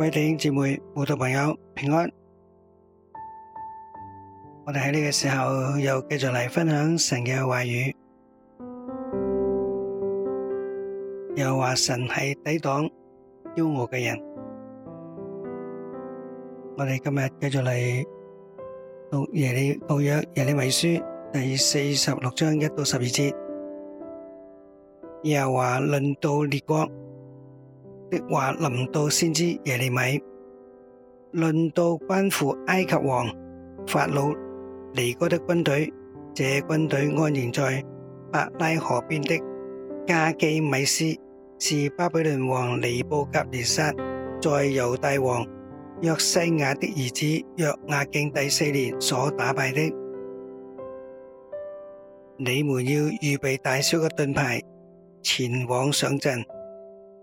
各位弟兄姊妹、信徒朋友平安，我哋喺呢個時候又繼續嚟分享神嘅話語，又話神係抵擋驕傲嘅人。我哋今日繼續嚟讀耶利、讀約、耶利米書第四十六章一到十二節，又話論到列國。的話臨到先知耶利米，論到關乎埃及王法老尼哥的軍隊，這軍隊安營在伯拉河邊的加基米斯，是巴比倫王尼布甲尼撒在猶大王約西亞的兒子約雅敬第四年所打敗的。你們要預備大小嘅盾牌，前往上陣。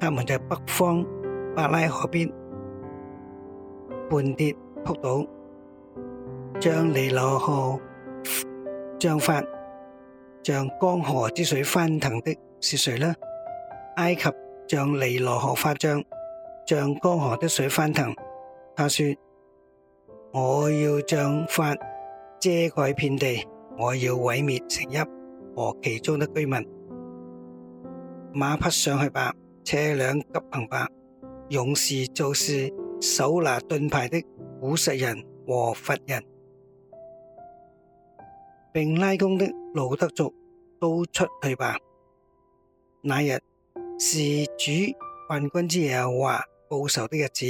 他們在北方伯拉河邊半跌撲倒，將尼羅河漲發像江河之水翻騰的是誰呢？埃及像尼羅河發漲，像江河的水翻騰。他說：我要漲發遮蓋遍地，我要毀滅城邑和其中的居民。馬匹上去吧！車輛急行吧，勇士就是，手拿盾牌的古實人和佛人，並拉弓的路德族都出去吧。那日是主萬軍之耶和華報仇的日子，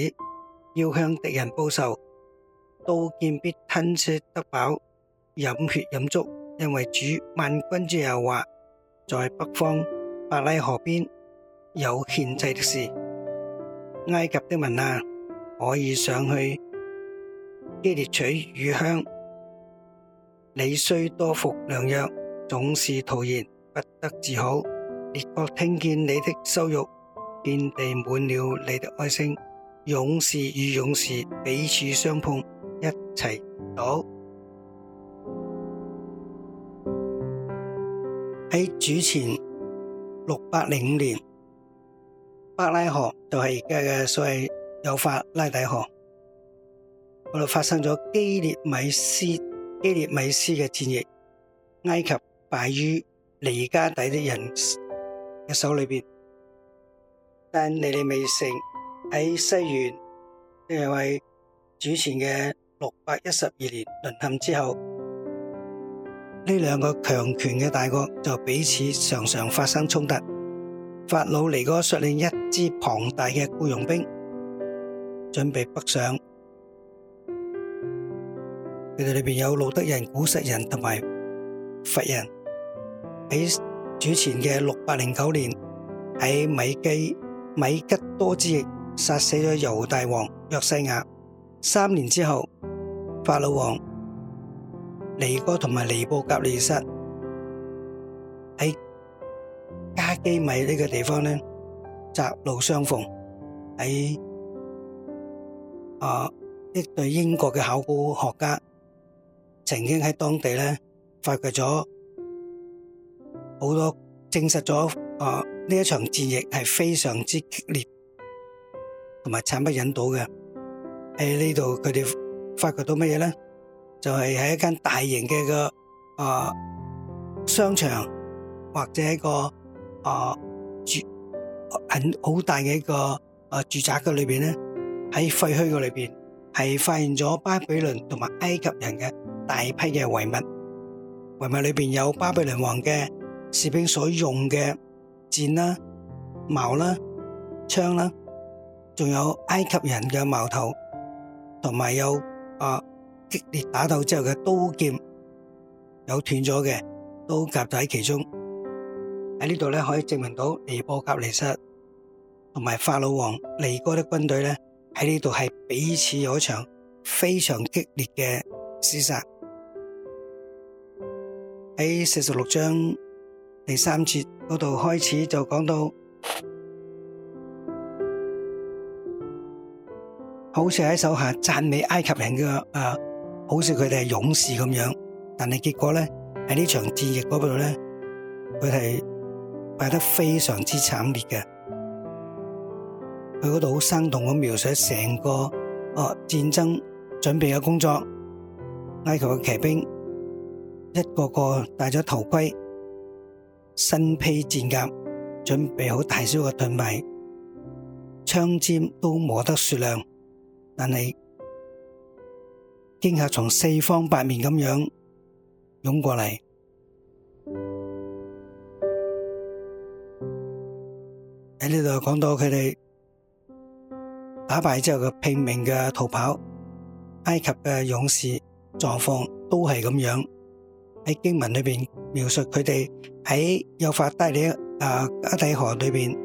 要向敵人報仇，刀劍必吞吃得飽，飲血飲足，因為主萬軍之耶和華，在北方伯拉河邊。有限制的事，埃及的民啊，可以上去基列取乳香。你雖多服良藥，總是徒然不得治好。列國聽見你的羞辱，遍地滿了你的哀聲。勇士與勇士彼此相碰，一齊倒。喺主前六百零五年。伯拉河就係而家嘅所謂幼發拉底河，嗰度發生咗基列米斯基列米斯嘅戰役，埃及敗於尼加底啲人嘅手裏邊，但尼尼微城喺西元，即係為主前嘅六百一十二年淪陷之後，呢兩個強權嘅大國就彼此常常發生衝突。法老尼哥率領一支龐大嘅雇傭兵，準備北上。佢哋裏面有路德人、古實人同埋弗人。喺主前嘅六百零九年，喺米基米吉多之役殺死咗猶大王約西亞。三年之後，法老王尼哥同埋尼布甲尼撒喺。基米呢個地方咧，窄路相逢喺啊！一對英國嘅考古學家曾經喺當地咧發掘咗好多，證實咗啊呢一場戰役係非常之激烈同埋慘不忍睹嘅。喺呢度佢哋發掘到乜嘢咧？就係喺一間大型嘅個啊商場或者一個。啊、呃，住很好大嘅一個啊、呃、住宅嘅裏邊咧，喺廢墟嘅裏邊係發現咗巴比倫同埋埃及人嘅大批嘅遺物，遺物裏邊有巴比倫王嘅士兵所用嘅箭啦、矛啦、槍啦，仲有埃及人嘅矛頭，同埋有啊、呃、激烈打鬥之後嘅刀劍，有斷咗嘅，都夾在其中。喺呢度咧，可以證明到尼布甲尼撒同埋法老王尼哥的軍隊咧，喺呢度係彼此有一場非常激烈嘅廝殺。喺四十六章第三節嗰度開始就講到，好似喺手下讚美埃及人嘅誒好似佢哋係勇士咁樣，但係結果咧，喺呢場戰役嗰度咧，佢係。敗得非常之慘烈嘅，佢嗰度好生動咁描寫成個哦戰爭準備嘅工作。埃及嘅騎兵一個個戴咗頭盔，身披戰甲，準備好大小嘅盾牌，槍尖都磨得雪亮，但係驚嚇從四方八面咁樣湧過嚟。喺呢度講到佢哋打敗之後嘅拼命嘅逃跑，埃及嘅勇士狀況都係咁樣。喺經文裏邊描述佢哋喺幼發拉底河裏邊，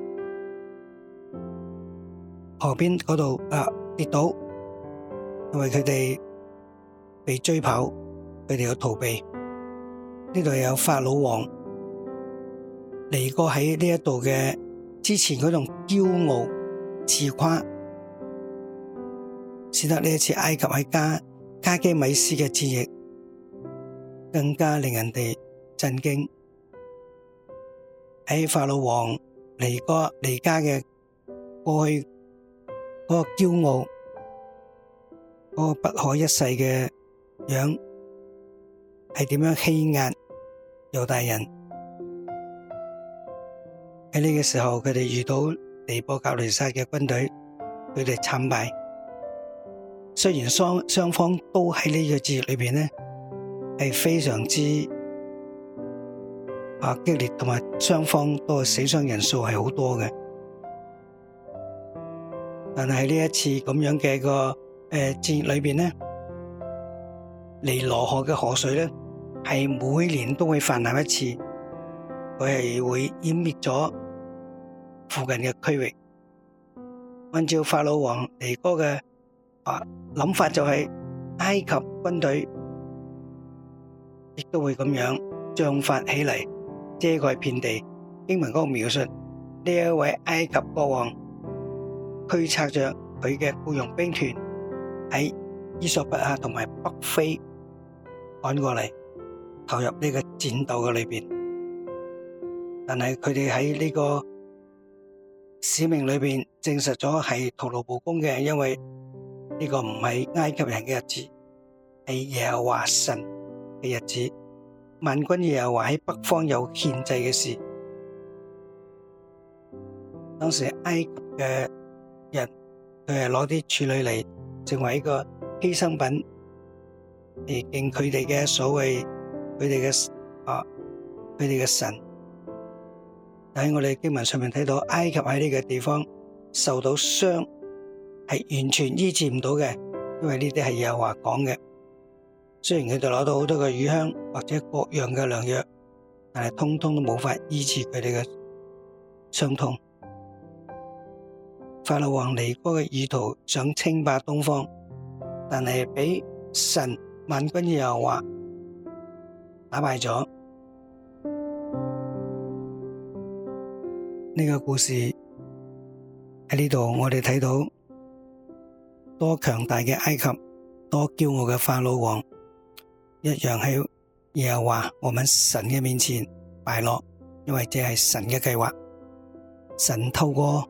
河邊嗰度啊跌倒，因為佢哋被追跑，佢哋有逃避。呢度有法老王尼哥喺呢一度嘅。之前嗰種驕傲自誇，使得呢一次埃及喺加加基米斯嘅戰役更加令人哋震驚。喺法老王尼哥尼加嘅過去嗰個驕傲、嗰個不可一世嘅樣，係點樣欺壓猶大人？喺呢個時候，佢哋遇到尼波格雷薩嘅軍隊，佢哋慘敗。雖然雙雙方都喺呢個戰役裏邊呢係非常之啊激烈，同埋雙方都係死傷人數係好多嘅。但係喺呢一次咁樣嘅個誒、呃、戰役裏邊咧，尼羅河嘅河水咧係每年都會泛濫一次，佢係會淹滅咗，附近嘅區域，按照法老王尼哥嘅啊諗法，就係埃及軍隊亦都會咁樣漲發起嚟，遮蓋遍地。英文歌描述呢一位埃及國王驅策著佢嘅僱傭兵團喺伊索不亞同埋北非趕過嚟，投入呢個戰鬥嘅裏邊。但係佢哋喺呢個使命裏邊證實咗係徒勞無功嘅，因為呢個唔係埃及人嘅日子，係耶和華神嘅日子。萬軍耶和華喺北方有獻祭嘅事。當時埃及嘅人，佢係攞啲處女嚟成為一個犧牲品嚟敬佢哋嘅所謂佢哋嘅啊佢哋嘅神。喺我哋經文上面睇到，埃及喺呢個地方受到傷，係完全醫治唔到嘅，因為呢啲係耶和華講嘅。雖然佢哋攞到好多嘅乳香或者各樣嘅良藥，但係通通都冇法醫治佢哋嘅傷痛。法老王尼哥嘅意圖想稱霸東方，但係俾神萬軍嘅耶和華打敗咗。呢、這個故事喺呢度，我哋睇到多強大嘅埃及，多驕傲嘅法老王，一樣喺耶和華我們神嘅面前敗落，因為這係神嘅計劃。神透過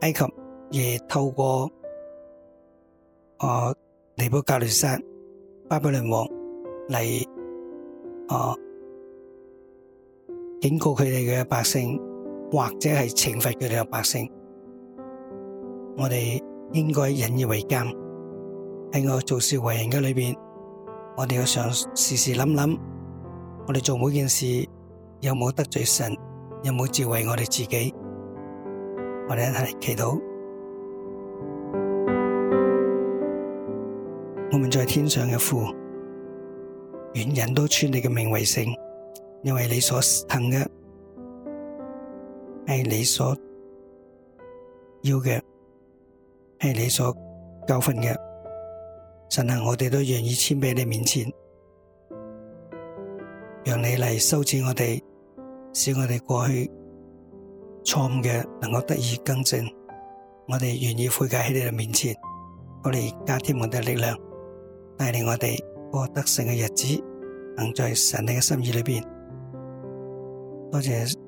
埃及，亦透過啊尼布甲尼撒、巴比倫王嚟，啊警告佢哋嘅百姓。或者係懲罰佢哋嘅百姓，我哋應該引以為鑒。喺我做事為人嘅裏邊，我哋要常時時諗諗，我哋做每件事有冇得罪神，有冇自慰我哋自己。我哋一齊祈禱，我們在天上嘅父，願人都穿你嘅名為聖，因為你所行嘅。係你所要嘅，係你所教訓嘅，神啊，我哋都願意簽喺你面前，讓你嚟收止我哋，使我哋過去錯誤嘅能夠得以更正，我哋願意悔改喺你哋面前，我哋加添我哋嘅力量，帶領我哋過得勝嘅日子，能在神你嘅心意裏邊，多謝。